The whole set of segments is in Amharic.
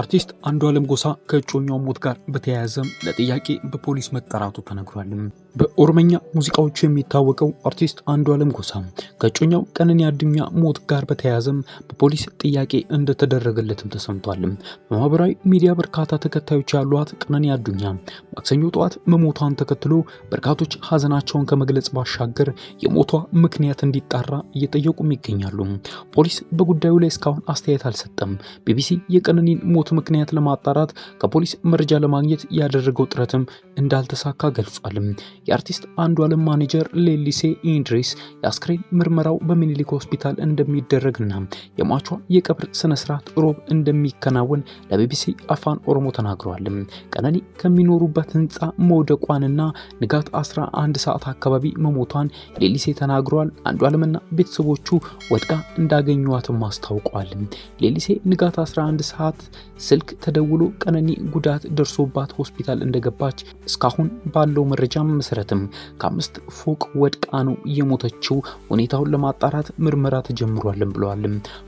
አርቲስት አለም ጎሳ ከእጮኛው ሞት ጋር በተያያዘም ለጥያቄ በፖሊስ መጠራቱ ተነግሯል። በኦሮመኛ ሙዚቃዎቹ የሚታወቀው አርቲስት አንዱዓለም ጎሳ ከእጮኛው ቀነኒ አዱኛ ሞት ጋር በተያያዘም በፖሊስ ጥያቄ እንደተደረገለትም ተሰምቷል። በማህበራዊ ሚዲያ በርካታ ተከታዮች ያሏት ቀነኒ አዱኛ ማክሰኞ ጠዋት መሞቷን ተከትሎ በርካቶች ሀዘናቸውን ከመግለጽ ባሻገር የሞቷ ምክንያት እንዲጣራ እየጠየቁም ይገኛሉ። ፖሊስ በጉዳዩ ላይ እስካሁን አስተያየት አልሰጠም። ቢቢሲ የቀነኒን ሞት ምክንያት ለማጣራት ከፖሊስ መረጃ ለማግኘት ያደረገው ጥረትም እንዳልተሳካ ገልጿል። የአርቲስት አንዷለም ማኔጀር ሌሊሴ ኢንድሪስ የአስክሬን ምርመራው በሚኒሊክ ሆስፒታል እንደሚደረግና የሟቿ የቀብር ስነስርዓት ሮብ እንደሚከናወን ለቢቢሲ አፋን ኦሮሞ ተናግረዋል። ቀነኒ ከሚኖሩበት ህንፃ መውደቋንና ንጋት 11 ሰዓት አካባቢ መሞቷን ሌሊሴ ተናግረዋል። አንዷለምና ቤተሰቦቹ ወድቃ እንዳገኟትም አስታውቋል። ሌሊሴ ንጋት 11 ሰዓት ስልክ ተደውሎ ቀነኒ ጉዳት ደርሶባት ሆስፒታል እንደገባች እስካሁን ባለው መረጃ መሰረትም ከአምስት ፎቅ ወድቃ ነው የሞተችው። ሁኔታውን ለማጣራት ምርመራ ተጀምሯልም ብለዋል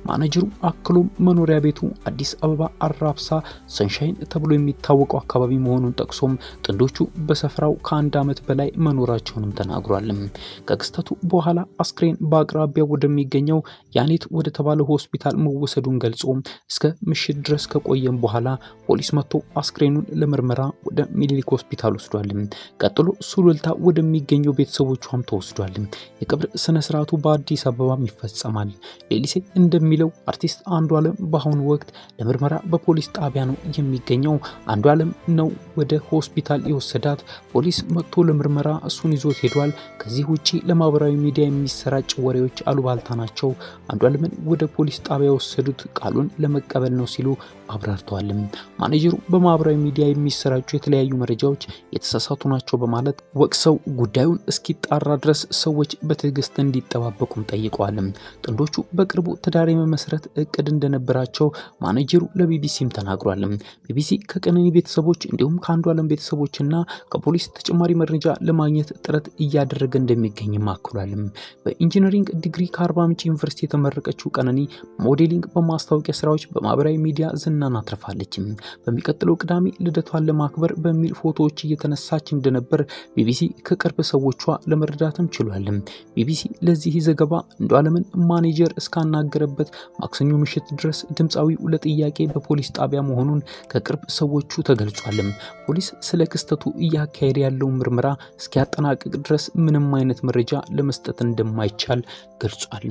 ማናጀሩ። አክሎም መኖሪያ ቤቱ አዲስ አበባ አራብሳ ሰንሻይን ተብሎ የሚታወቀው አካባቢ መሆኑን ጠቅሶም ጥንዶቹ በሰፍራው ከአንድ ዓመት በላይ መኖራቸውንም ተናግሯል። ከክስተቱ በኋላ አስክሬን በአቅራቢያው ወደሚገኘው ያኔት ወደተባለ ሆስፒታል መወሰዱን ገልጾ እስከ ምሽት ድረስ ከቆየም በኋላ ፖሊስ መጥቶ አስክሬኑን ለምርመራ ወደ ሚኒሊክ ሆስፒታል ወስዷል። ቀጥሎ ሱሉ ወልታ ወደሚገኘው ቤተሰቦቿም ተወስዷል። የቀብር ስነ ስርዓቱ በአዲስ አበባም ይፈጸማል። ሌሊሴ እንደሚለው አርቲስት አንዱ አለም በአሁኑ ወቅት ለምርመራ በፖሊስ ጣቢያ ነው የሚገኘው። አንዱ አለም ነው ወደ ሆስፒታል የወሰዳት። ፖሊስ መጥቶ ለምርመራ እሱን ይዞት ሄዷል። ከዚህ ውጪ ለማህበራዊ ሚዲያ የሚሰራጭ ወሬዎች አሉባልታ ናቸው። አንዱ አለምን ወደ ፖሊስ ጣቢያ የወሰዱት ቃሉን ለመቀበል ነው ሲሉ አብራርተዋል። ማኔጀሩ በማህበራዊ ሚዲያ የሚሰራጩ የተለያዩ መረጃዎች የተሳሳቱ ናቸው በማለት ሰው ጉዳዩን እስኪጣራ ድረስ ሰዎች በትዕግስት እንዲጠባበቁም ጠይቀዋል። ጥንዶቹ በቅርቡ ትዳር የመመስረት እቅድ እንደነበራቸው ማኔጀሩ ለቢቢሲም ተናግሯል። ቢቢሲ ከቀነኒ ቤተሰቦች እንዲሁም ከአንዱ ቤተሰቦች ቤተሰቦችና ከፖሊስ ተጨማሪ መረጃ ለማግኘት ጥረት እያደረገ እንደሚገኝም አክሏል። በኢንጂነሪንግ ዲግሪ ከአርባ ምንጭ ዩኒቨርሲቲ የተመረቀችው ቀነኒ ሞዴሊንግ፣ በማስታወቂያ ስራዎች፣ በማህበራዊ ሚዲያ ዝናን አትርፋለች። በሚቀጥለው ቅዳሜ ልደቷን ለማክበር በሚል ፎቶዎች እየተነሳች እንደነበር ቢቢሲ ቢቢሲ ከቅርብ ሰዎቿ ለመረዳትም ችሏል። ቢቢሲ ለዚህ ዘገባ እንዷለምን ማኔጀር እስካናገረበት ማክሰኞ ምሽት ድረስ ድምፃዊው ለጥያቄ በፖሊስ ጣቢያ መሆኑን ከቅርብ ሰዎቹ ተገልጿል። ፖሊስ ስለ ክስተቱ እያካሄደ ያለውን ምርመራ እስኪያጠናቅቅ ድረስ ምንም አይነት መረጃ ለመስጠት እንደማይቻል ገልጿል።